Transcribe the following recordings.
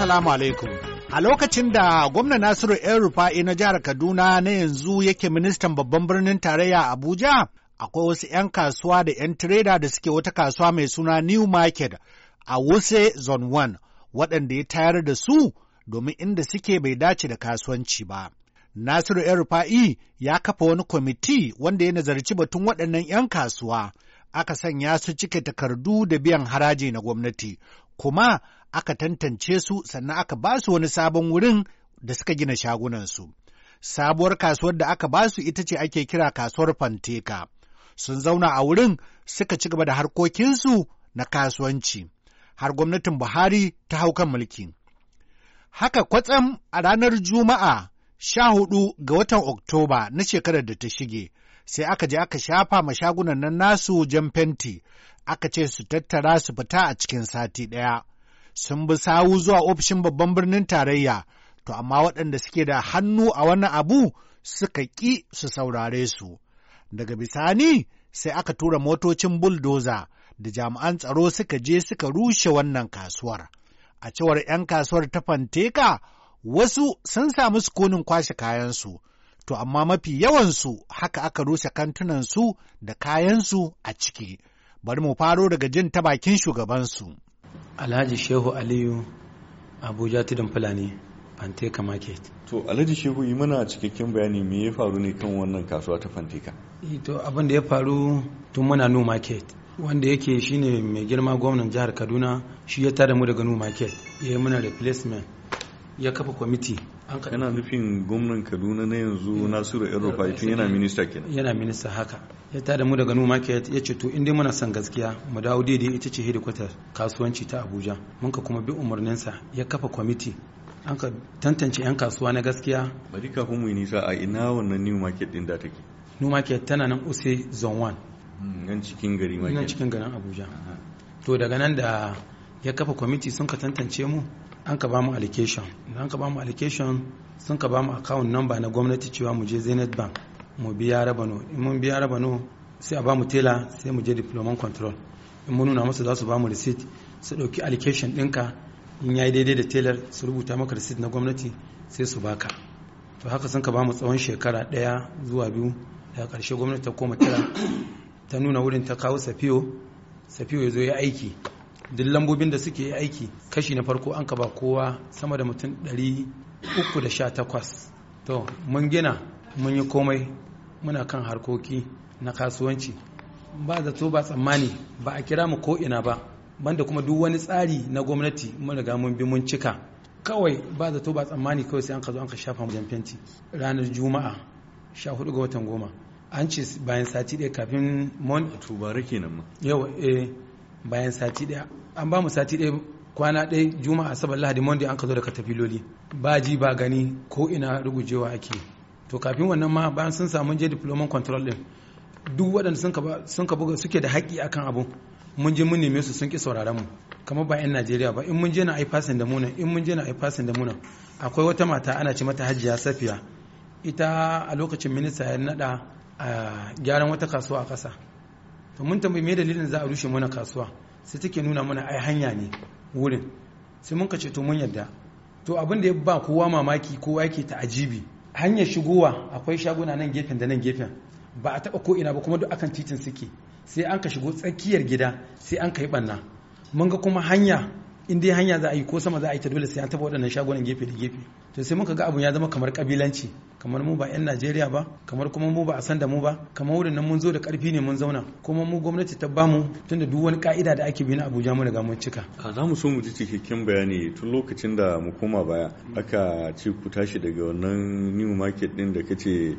Assalamu alaikum. A lokacin da gwamna Nasiru ‘yan rufa'i na jihar Kaduna na yanzu yake ministan babban birnin tarayya Abuja, akwai wasu ‘yan kasuwa da ‘yan tireda da suke wata kasuwa mai suna New Market a Wuse Zone 1, waɗanda ya tayar da su domin inda suke bai dace da kasuwanci ba. Nasiru ‘yan rufa'i ya kafa wani kwamiti wanda ya nazarci batun waɗannan ‘yan kasuwa. aka sanya su cike takardu da biyan haraji na gwamnati kuma aka tantance su sannan aka ba su wani sabon wurin da suka gina shagunansu. Sabuwar kasuwar da aka ba su ita ce ake kira kasuwar Fanteka. Sun zauna a wurin suka ci gaba da harkokinsu na kasuwanci, har gwamnatin Buhari ta hau mulki. Haka kwatsam a ranar Juma'a sha hudu ga watan Oktoba na shekarar da ta shige, sai aka je aka shafa ma shagunan nan nasu jan fenti, aka ce su tattara su fita a cikin sati ɗaya. Sun bi sawu zuwa ofishin babban birnin tarayya, to amma waɗanda suke da hannu a wani abu suka ƙi su saurare su. Daga bisani sai aka tura motocin buldoza da jami'an tsaro suka je suka rushe wannan kasuwar. A cewar 'yan kasuwar ta Fanteka, wasu sun samu sukunin kwashe kayansu. to amma mafi yawansu haka aka rushe kantunansu da kayansu a ciki bari mu faro daga jin ta bakin shugabansu. Alhaji Shehu Aliyu Abuja Tudun Fulani Fanteka Market. To Alhaji Shehu yi mana cikakken bayani me ya faru ne kan wannan kasuwa ta Fanteka? Eh, to abin da ya faru tun muna New Market wanda yake shine mai girma gwamnan jihar Kaduna shi ya tada mu daga New Market ya yi mana replacement ya kafa kwamiti an ka yana nufin gwamnan kaduna na yanzu nasiru el tun yana minista kenan yana minista haka ya tada mu daga new market ya ce to inda muna son gaskiya mu dawo daidai ita ce hedikwatar kasuwanci ta abuja mun ka kuma bi umarninsa ya kafa kwamiti an ka tantance 'yan kasuwa na gaskiya bari kafin mu yi nisa a ina wannan new market din da take new market tana nan use zone 1 hmm, nan cikin gari nan cikin garin abuja to daga nan da ya kafa kwamiti sun ka tantance mu an ka bamu allocation an ka bamu allocation sun ka bamu account number na gwamnati cewa mu je zenith bank mu biya rabano in mun biya rabano sai a bamu tela sai mu je diploman control in mun nuna musu za su bamu receipt su ɗauki allocation ɗinka in yayi daidai da telar su rubuta maka receipt na gwamnati sai su baka to haka sun ka bamu tsawon shekara ɗaya zuwa biyu daga karshe gwamnati ta koma tela ta nuna wurin ta kawo safiyo safiyo ya zo ya aiki duk lambobin da suke aiki kashi na farko an ka ba kowa sama da mutum 318 to mun gina mun yi komai muna kan harkoki na kasuwanci ba zato ba tsammani ba a kira mu ko ina ba banda kuma duk wani tsari na gwamnati mun riga mun bi mun cika kawai ba zato ba tsammani kawai sai an ka zo an ka shafa mu fenti ranar juma'a 14 ga watan goma an ce bayan sati ɗaya kafin mon tubare kenan ma yau eh bayan sati daya an ba mu sati daya kwana ɗaya juma'a asabar lahadi monday an ka zo tafi loli ba ji ba gani ko ina rugujewa ake to kafin wannan ma bayan sun samu je diploman control din duk waɗanda sun ka buga suke da haƙƙi akan abu mun je mun neme su sun ƙi sauraron mu kamar ba 'yan najeriya ba in mun je na aifasin da munan in mun je na aifasin da munan akwai wata mata ana ce mata hajjiya safiya ita a lokacin minista ya naɗa a gyaran wata kasuwa a ƙasa to mun tambayi me dalilin za a rushe mana kasuwa sai take nuna mana ai hanya ne wurin sai mun kace to mun yadda to abin da ya ba kowa mamaki kowa yake ta ajibi hanyar shigowa akwai shaguna nan gefen da nan gefen ba a taba ko ina ba kuma duk akan titin suke sai an ka shigo tsakiyar gida sai an ka yi banna mun ga kuma hanya in dai hanya za a yi ko sama za a yi ta dole sai an taba waɗannan shagunan gefe da gefe to sai muka ga abun ya zama kamar kabilanci kamar mu ba 'yan Najeriya ba kamar kuma mu ba a san da mu ba kamar wurin nan mun zo da karfi ne mun zauna kuma mu gwamnati ta ba mu tunda duk wani ka'ida da ake bi na Abuja mu riga mun cika a za mu so mu ji cikakken bayani tun lokacin da mu koma baya aka ce ku tashi daga wannan new market din da kace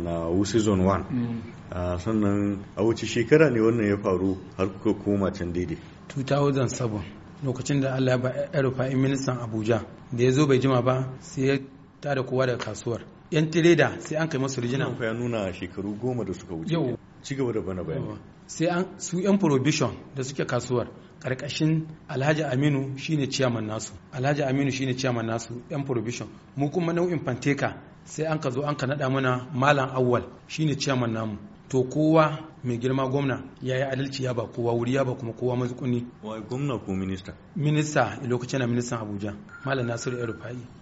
na wu season 1 mm. sannan a wace shekara ne wannan ya faru har kuka koma can daidai 2007 lokacin da Allah ba ya rufa ministan Abuja da ya zo bai jima ba sai ya tada kowa daga kasuwar yan tireda sai an kai masu rijina wannan ya nuna shekaru goma da suka wuce ci gaba da bana bayani sai an su yan prohibition da suke kasuwar karkashin Alhaji Aminu shine ciyaman nasu Alhaji Aminu shine ciyaman nasu yan prohibition mu kuma nau'in fanteka sai an ka zo an ka naɗa mana malam awwal shine ciyaman namu to kowa mai girma gwamna ya yi adalci ya ba kowa wuri ya ba kuma kowa mazukuni wai gwamna ko minista minista lokacin na ministan abuja malam nasiru ya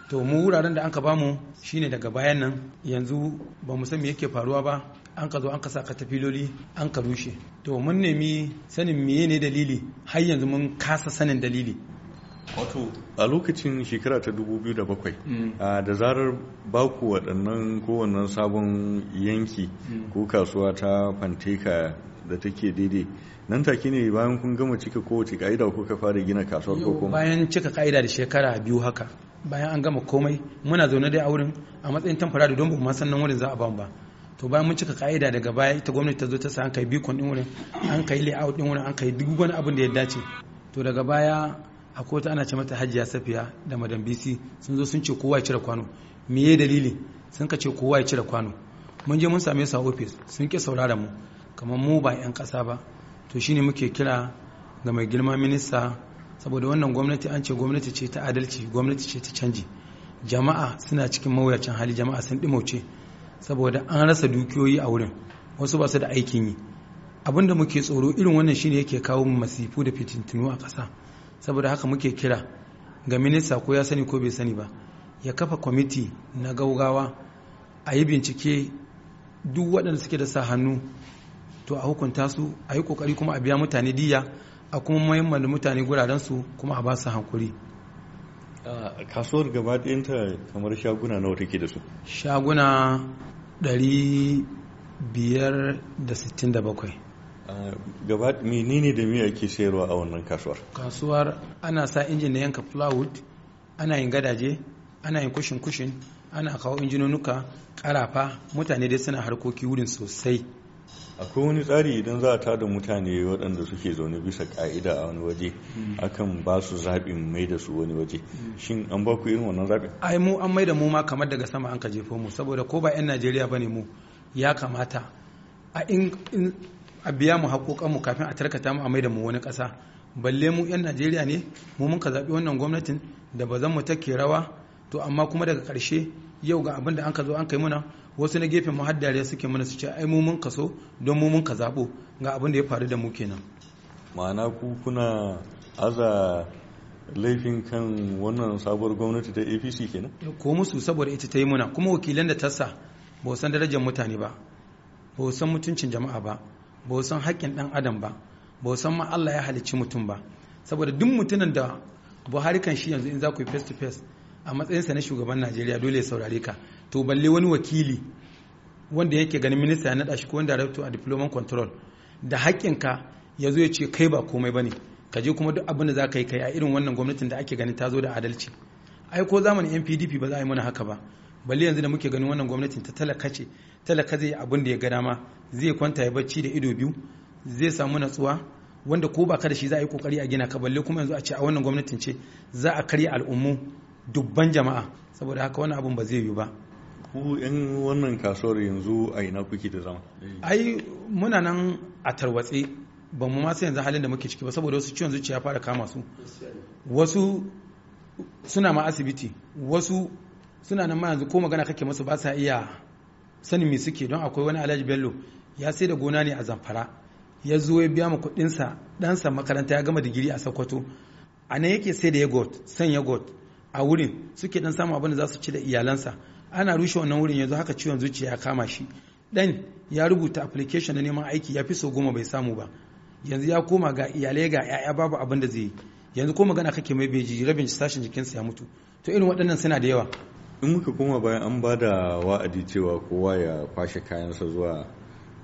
to mu wuraren da an ka bamu shine daga bayan nan yanzu ba mu san me yake faruwa ba an ka zo an ka sa katafiloli an ka rushe to mun nemi sanin meye ne dalili har yanzu mun kasa sanin dalili wato a lokacin shekara ta 2007 mm. da zarar baku waɗannan kowannen sabon yanki mm. ko kasuwa ta fanteka da take daidai nan take ne bayan kun gama cika kowace ka'ida kuka fara gina kasuwar ko kuma bayan cika ka'ida da shekara biyu haka bayan an gama komai muna zaune dai a wurin a matsayin tamfara da don ba san nan wurin za a ban ba to bayan mun cika ka'ida daga baya ita gwamnati ta zo ta sa an kai bikon din wurin an kai layout din wurin an kai duk wani abin da ya dace to daga baya akwai ana ce mata hajiya safiya da madam bc sun zo sun ce kowa ya cire kwano me ya dalili sun ka ce kowa ya cire kwano mun je mun same su a ofis sun ki saurara mu kamar mu ba 'yan ƙasa ba to shine muke kira ga mai girma minista saboda wannan gwamnati an ce gwamnati ce ta adalci gwamnati ce ta canji jama'a suna cikin mawuyacin hali jama'a sun ɗimauce saboda an rasa dukiyoyi a wurin wasu ba su da aikin yi abinda muke tsoro irin wannan shine yake kawo masifu da fitintunu a ƙasa saboda haka muke kira ga minista ko ya sani ko bai sani ba ya kafa kwamiti na gaugawa a yi bincike duk waɗanda suke da sa hannu to a hukunta su a yi kokari kuma a biya mutane diya a kuma muhimman da mutane guraren su kuma a ba su hankuri kasuwar gaba ɗayanta kamar shaguna nawa take da su shaguna 567 Eh, gaba menene da miya ake sayarwa a wannan kasuwar kasuwar ana sa injin na yanka plywood ana yin gadaje ana yin kushin kushin ana kawo injinonuka karafa mutane dai suna harkoki wurin sosai akwai wani tsari idan za a tada mutane waɗanda suke zaune bisa ka'ida a wani waje hmm. akan ba su zaɓin mai da su wani waje hmm. shin an ba ku irin wannan zaɓin ai mu an mai da mu ma kamar daga sama an ka jefo mu saboda ko ba 'yan najeriya ba ne mu ya kamata a a biya mu haƙoƙanmu kafin a tarkata mu a mai da mu wani ƙasa balle mu 'yan najeriya ne mu mun ka zaɓi wannan gwamnatin da ba zan mu take rawa to amma kuma daga ƙarshe yau ga abin da an ka zo an kai muna wasu na gefen mu suke mana su ce ai mu mun kaso don mu mun ka zaɓo ga abin da ya faru da mu kenan ma'ana ku kuna aza laifin kan wannan sabuwar gwamnati ta apc kenan ko musu saboda ita ta yi muna kuma wakilan da ta sa ba san darajar mutane ba ba san mutuncin jama'a ba ba san haƙƙin ɗan adam ba ba san ma Allah ya halicci mutum ba saboda duk mutumin da Buhari kan shi yanzu in za ku yi face to face a matsayinsa na shugaban Najeriya dole ya saurare ka to balle wani wakili wanda yake ganin minista ya naɗa shi ko wanda rabtu a diploman control da ka ya zo ya ce kai ba komai ba ne ka je kuma duk abin da za ka yi kai a irin wannan gwamnatin da ake ganin ta zo da adalci ai ko zamanin NPDP ba za a yi mana haka ba balle yanzu da muke ganin wannan gwamnatin ta talaka ce talaka zai abin da ya gada ma zai kwanta ya bacci da ido biyu zai samu natsuwa wanda ko ba ka da shi za a yi kokari a gina ka balle kuma yanzu a ce a wannan gwamnatin ce za a karya al'ummu dubban jama'a saboda haka wannan abun ba zai yiwu ba ku yan wannan kasuwar yanzu a ina kuke da zama ai muna nan a tarwatse ba mu ma sai yanzu halin da muke ciki ba saboda wasu ciwon zuciya fara kama su wasu suna ma asibiti wasu suna nan mayanzu ko magana kake masu ba sa iya sanin me suke don akwai wani alhaji bello ya sai da gona ne a zamfara ya zo ya biya ma kuɗinsa ɗansa makaranta ya gama digiri a sokoto a nan yake sai da yagot san yagot a wurin suke dan samun abin da za su ci da iyalansa ana rushe wannan wurin yanzu haka ciwon zuciya ya kama shi dan ya rubuta application na neman aiki ya fi so goma bai samu ba yanzu ya koma ga iyalai ga 'ya'ya babu abin da zai yi yanzu ko magana kake mai beji rabin sashen jikinsa ya mutu to irin waɗannan suna da yawa in muka koma bayan an ba da wa'adi cewa kowa ya kwashe kayansa zuwa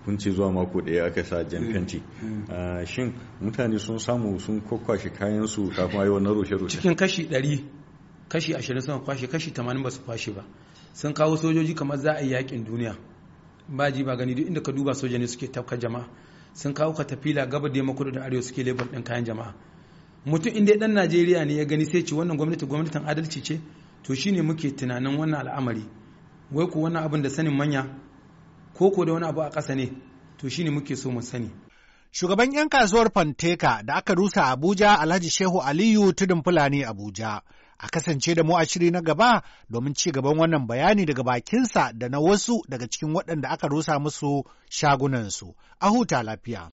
kunci zuwa mako ɗaya aka sa jan fenti hmm, hmm. Ah, shin mutane sun samu sun kwakwashe kayansu kafin ayi wannan roshe-roshe. cikin kashi ɗari kashi ashirin suna kwashe kashi tamanin ba su kwashe ba sun kawo sojoji kamar za a yi yakin duniya ba ji ba gani duk inda ka duba soja ne suke tafka jama'a sun kawo katafila gaba da makudu da arewa suke lebur ɗin kayan jama'a mutum inda dan najeriya ne ya gani sai ce wannan gwamnati gwamnatin adalci ce to shine muke tunanin wannan al'amari wai ku wannan abin da sanin manya ko ko da wani abu a ƙasa ne to shine muke so mu sani shugaban 'yan kasuwar fanteka da aka rusa abuja alhaji shehu aliyu tudun fulani abuja a kasance da mu a shiri na gaba domin ci gaban wannan bayani daga bakinsa da na wasu daga cikin waɗanda aka rusa musu shagunansu a huta lafiya.